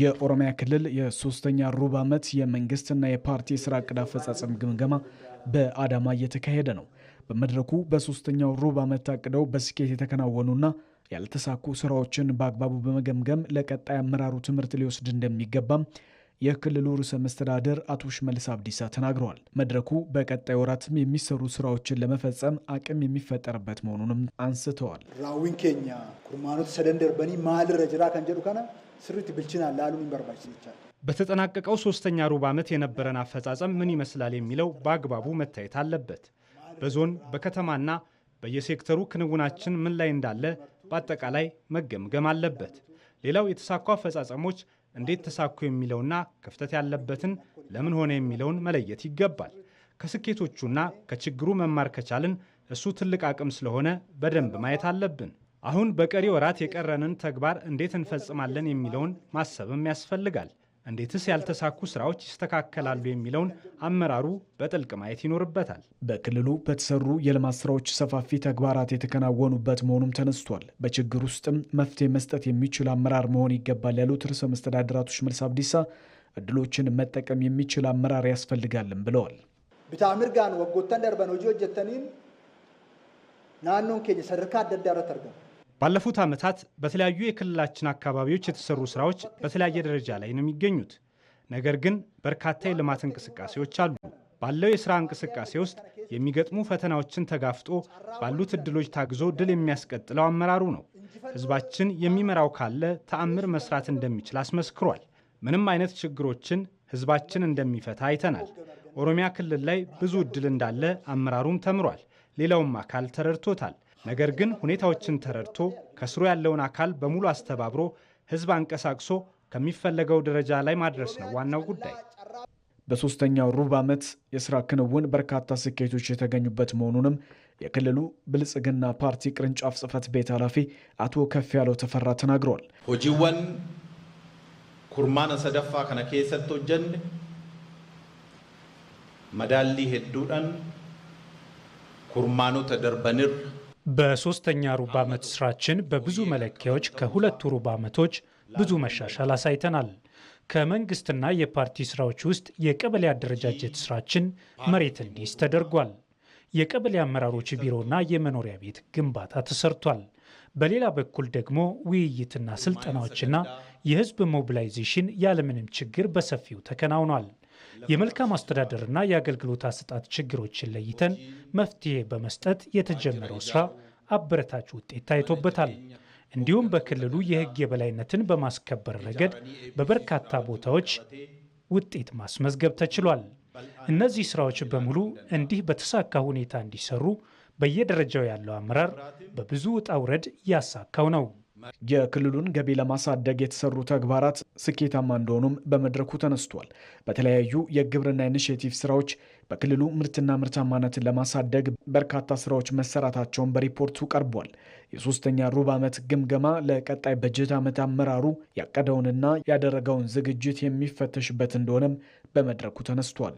የኦሮሚያ ክልል የሶስተኛ ሩብ ዓመት የመንግስትና የፓርቲ ስራ እቅድ አፈጻጸም ግምገማ በአዳማ እየተካሄደ ነው። በመድረኩ በሶስተኛው ሩብ ዓመት ታቅደው በስኬት የተከናወኑና ያልተሳኩ ስራዎችን በአግባቡ በመገምገም ለቀጣይ አመራሩ ትምህርት ሊወስድ እንደሚገባም የክልሉ ርዕሰ መስተዳደር አቶ ሽመልስ አብዲሳ ተናግረዋል። መድረኩ በቀጣይ ወራትም የሚሰሩ ስራዎችን ለመፈጸም አቅም የሚፈጠርበት መሆኑንም አንስተዋል። ራዊን ኬኛ ኩርማኖት በኒ ማል ረጅራ ከንጀዱ ከነ ስርት ብልችና ላሉን ይበርባች ይቻል በተጠናቀቀው ሶስተኛ ሩብ ዓመት የነበረን አፈጻጸም ምን ይመስላል የሚለው በአግባቡ መታየት አለበት። በዞን በከተማና በየሴክተሩ ክንውናችን ምን ላይ እንዳለ በአጠቃላይ መገምገም አለበት። ሌላው የተሳኩ አፈጻጸሞች እንዴት ተሳኩ የሚለውና ክፍተት ያለበትን ለምን ሆነ የሚለውን መለየት ይገባል። ከስኬቶቹና ከችግሩ መማር ከቻልን እሱ ትልቅ አቅም ስለሆነ በደንብ ማየት አለብን። አሁን በቀሪ ወራት የቀረንን ተግባር እንዴት እንፈጽማለን የሚለውን ማሰብም ያስፈልጋል። እንዴትስ ያልተሳኩ ስራዎች ይስተካከላሉ የሚለውን አመራሩ በጥልቅ ማየት ይኖርበታል። በክልሉ በተሰሩ የልማት ስራዎች ሰፋፊ ተግባራት የተከናወኑበት መሆኑም ተነስቷል። በችግር ውስጥም መፍትሄ መስጠት የሚችል አመራር መሆን ይገባል ያሉት ርዕሰ መስተዳድር አቶ ሽመልስ አብዲሳ እድሎችን መጠቀም የሚችል አመራር ያስፈልጋልም ብለዋል። ብታምርጋን ወጎተን ደርበን ሆጂ ሆጀተኒን ናኖን ኬኝ ሰርካ አደዳረት አርገም ባለፉት ዓመታት በተለያዩ የክልላችን አካባቢዎች የተሰሩ ስራዎች በተለያየ ደረጃ ላይ ነው የሚገኙት። ነገር ግን በርካታ የልማት እንቅስቃሴዎች አሉ። ባለው የስራ እንቅስቃሴ ውስጥ የሚገጥሙ ፈተናዎችን ተጋፍጦ ባሉት እድሎች ታግዞ ድል የሚያስቀጥለው አመራሩ ነው። ህዝባችን የሚመራው ካለ ተአምር መስራት እንደሚችል አስመስክሯል። ምንም አይነት ችግሮችን ህዝባችን እንደሚፈታ አይተናል። ኦሮሚያ ክልል ላይ ብዙ እድል እንዳለ አመራሩም ተምሯል። ሌላውም አካል ተረድቶታል። ነገር ግን ሁኔታዎችን ተረድቶ ከስሩ ያለውን አካል በሙሉ አስተባብሮ ህዝብ አንቀሳቅሶ ከሚፈለገው ደረጃ ላይ ማድረስ ነው ዋናው ጉዳይ። በሶስተኛው ሩብ ዓመት የስራ ክንውን በርካታ ስኬቶች የተገኙበት መሆኑንም የክልሉ ብልጽግና ፓርቲ ቅርንጫፍ ጽህፈት ቤት ኃላፊ አቶ ከፍ ያለው ተፈራ ተናግረዋል። ሆጂወን ኩርማነ ሰደፋ ከነኬ ኬሰት ጀን መዳሊ ሄዱዳን ኩርማኑ ተደርበንር በሶስተኛ ሩብ ዓመት ስራችን በብዙ መለኪያዎች ከሁለቱ ሩብ ዓመቶች ብዙ መሻሻል አሳይተናል። ከመንግስትና የፓርቲ ስራዎች ውስጥ የቀበሌ አደረጃጀት ስራችን መሬት እንዲስ ተደርጓል። የቀበሌ አመራሮች ቢሮና የመኖሪያ ቤት ግንባታ ተሰርቷል። በሌላ በኩል ደግሞ ውይይትና ስልጠናዎችና የህዝብ ሞቢላይዜሽን ያለምንም ችግር በሰፊው ተከናውኗል። የመልካም አስተዳደርና የአገልግሎት አሰጣት ችግሮችን ለይተን መፍትሄ በመስጠት የተጀመረው ስራ አበረታች ውጤት ታይቶበታል። እንዲሁም በክልሉ የህግ የበላይነትን በማስከበር ረገድ በበርካታ ቦታዎች ውጤት ማስመዝገብ ተችሏል። እነዚህ ስራዎች በሙሉ እንዲህ በተሳካ ሁኔታ እንዲሰሩ በየደረጃው ያለው አመራር በብዙ ውጣ ውረድ ያሳካው ነው። የክልሉን ገቢ ለማሳደግ የተሰሩ ተግባራት ስኬታማ እንደሆኑም በመድረኩ ተነስቷል። በተለያዩ የግብርና ኢኒሽቲቭ ስራዎች በክልሉ ምርትና ምርታማነትን ለማሳደግ በርካታ ስራዎች መሰራታቸውን በሪፖርቱ ቀርቧል። የሶስተኛ ሩብ ዓመት ግምገማ ለቀጣይ በጀት ዓመት አመራሩ ያቀደውንና ያደረገውን ዝግጅት የሚፈተሽበት እንደሆነም በመድረኩ ተነስቷል።